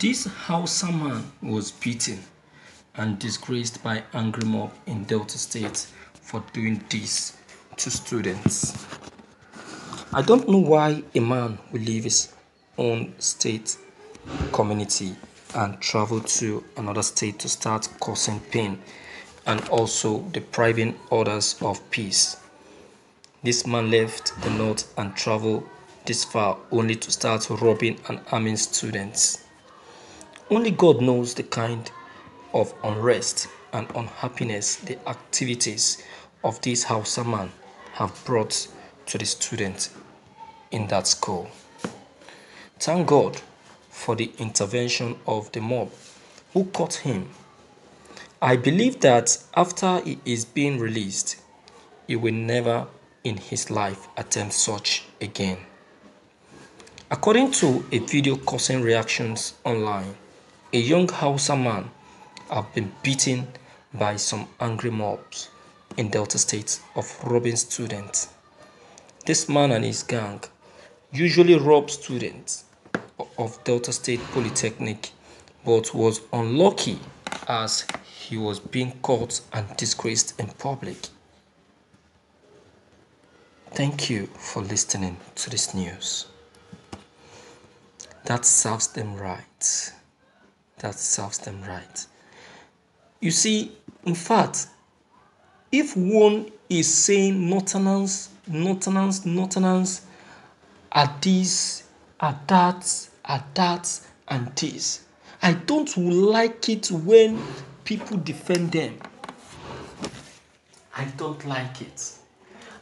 This Hausa man was beaten and disgraced by angry mob in Delta State for doing this to students. I don't know why a man who leave his own state community and travel to another state to start causing pain and also depriving others of peace. This man left the north and traveled this far only to start robbing and arming students. Only God knows the kind of unrest and unhappiness the activities of this Hausa man have brought to the students in that school. Thank God for the intervention of the mob who caught him. I believe that after he is being released, he will never in his life attempt such again. According to a video causing reactions online, a young Hausa man had been beaten by some angry mobs in Delta State of robbing students. This man and his gang usually rob students of Delta State Polytechnic but was unlucky as he was being caught and disgraced in public. Thank you for listening to this news. That serves them right that serves them right. You see, in fact, if one is saying notenance, notenance, notenance, at this, at that, at that, and this, I don't like it when people defend them. I don't like it.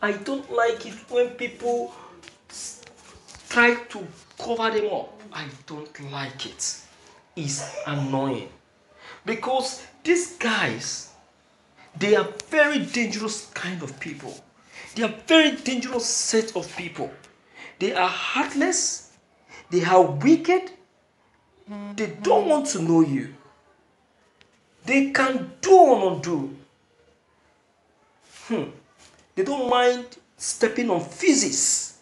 I don't like it when people try to cover them up. I don't like it is annoying because these guys they are very dangerous kind of people they are very dangerous set of people they are heartless they are wicked they don't want to know you they can do and do. hmm. they don't mind stepping on physics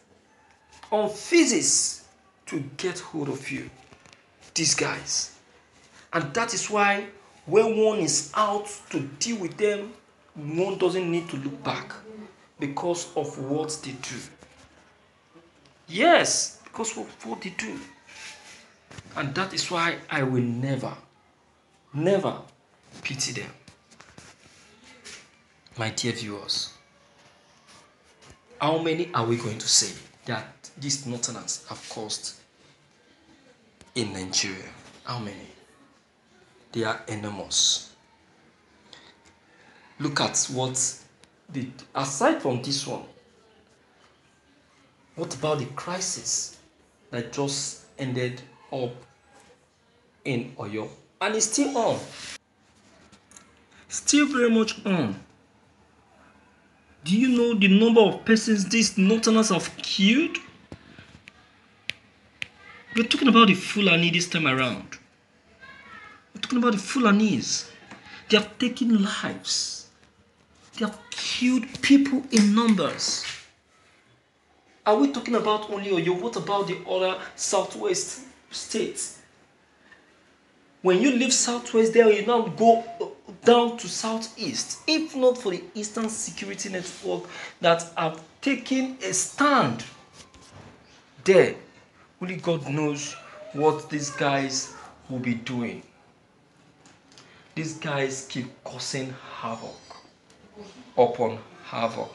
on physics to get hold of you these guys. And that is why when one is out to deal with them, one doesn't need to look back because of what they do. Yes, because of what they do. And that is why I will never, never pity them. My dear viewers, how many are we going to say that these northerners have caused in Nigeria. How many? They are enormous. Look at what the aside from this one, what about the crisis that just ended up in Oyo? And it's still on. Still very much on. Do you know the number of persons these northerners have killed? We're talking about the Fulani this time around. We're talking about the Fulanis. They have taken lives. They have killed people in numbers. Are we talking about only Oyo? What about the other southwest states? When you leave southwest there, you now go uh, down to southeast. If not for the Eastern Security Network that have taken a stand there only God knows what these guys will be doing. These guys keep causing havoc upon havoc.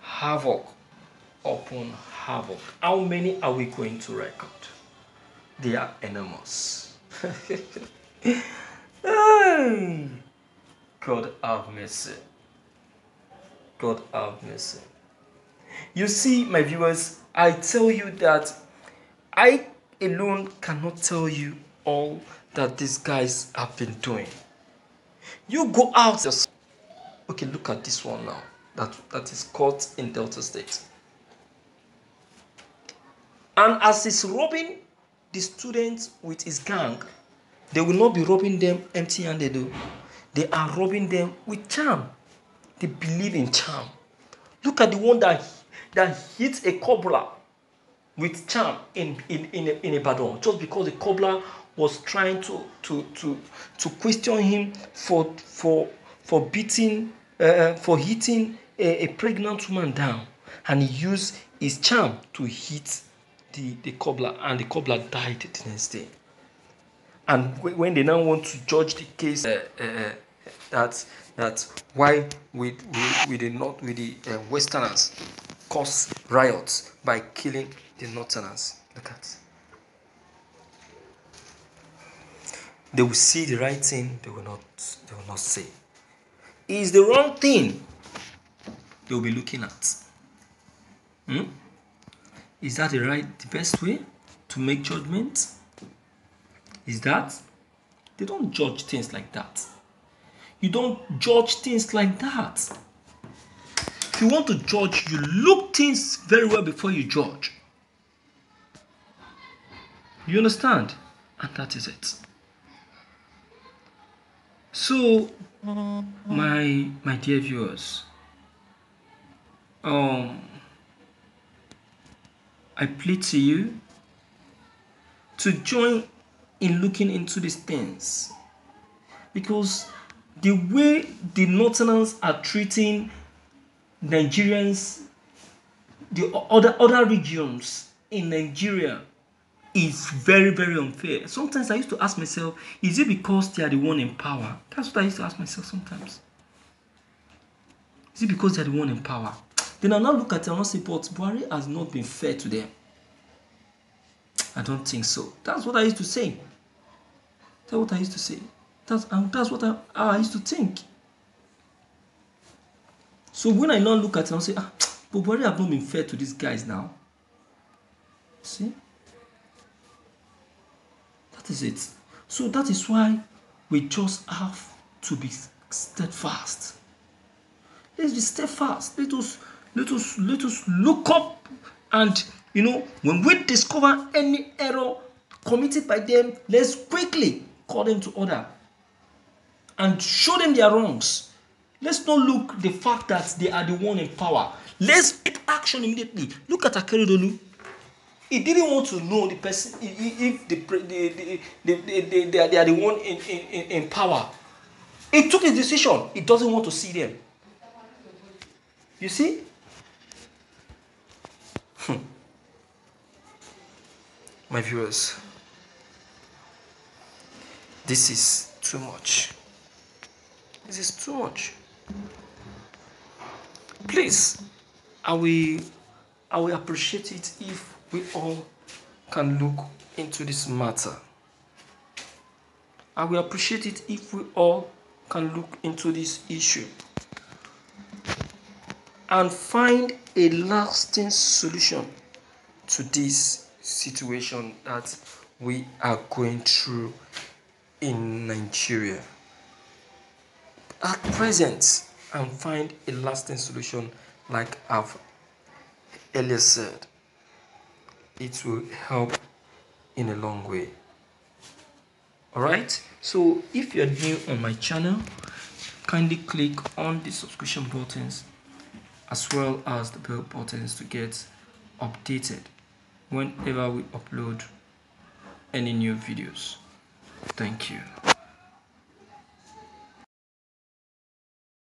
Havoc upon havoc. How many are we going to record? They are enormous. God have mercy. God have mercy. You see, my viewers, I tell you that I alone cannot tell you all that these guys have been doing. You go out. Okay, look at this one now. That, that is caught in Delta State. And as he's robbing the students with his gang, they will not be robbing them empty-handed. They are robbing them with charm. They believe in charm. Look at the one that, that hits a cobra with charm in, in, in, in a Ibadan just because the cobbler was trying to, to, to, to question him for, for, for beating, uh, uh, for hitting a, a pregnant woman down. And he used his charm to hit the, the cobbler, and the cobbler died the next day. And when they now want to judge the case, uh, uh, uh that, that why we, we, we did not, with the uh, Westerners cause riots by killing the northerners. Look at. They will see the right thing, they will not they will not say. Is the wrong thing they will be looking at. Hmm? Is that the right the best way to make judgment? Is that they don't judge things like that. You don't judge things like that you want to judge, you look things very well before you judge. You understand? And that is it. So, my my dear viewers, um, I plead to you to join in looking into these things because the way the Northerners are treating Nigerians, the other other regions in Nigeria is very very unfair. Sometimes I used to ask myself, is it because they are the one in power? That's what I used to ask myself sometimes. Is it because they are the one in power? Then I now look at it and say, but Buhari has not been fair to them. I don't think so. That's what I used to say. That's what I used to say. That's, and that's what I, I used to think. So when I now look at it, I'll say, ah, but Buhari have not been fair to these guys now. See? That is it. So that is why we just have to be steadfast. Let's be steadfast. Let us let us let us look up and you know when we discover any error committed by them, let's quickly call them to order and show them their wrongs Let's not look the fact that they are the one in power. Let's take action immediately. Look at Akeredolu. He didn't want to know the person if the, the, the, the, the, the, they, are, they are the one in, in, in power. He took his decision. He doesn't want to see them. You see? Hmm. My viewers, this is too much. This is too much please, I will, I will appreciate it if we all can look into this matter. I will appreciate it if we all can look into this issue and find a lasting solution to this situation that we are going through in Nigeria. At present, and find a lasting solution like I've earlier said. It will help in a long way. Alright, so if you're new on my channel, kindly click on the subscription buttons as well as the bell buttons to get updated whenever we upload any new videos. Thank you.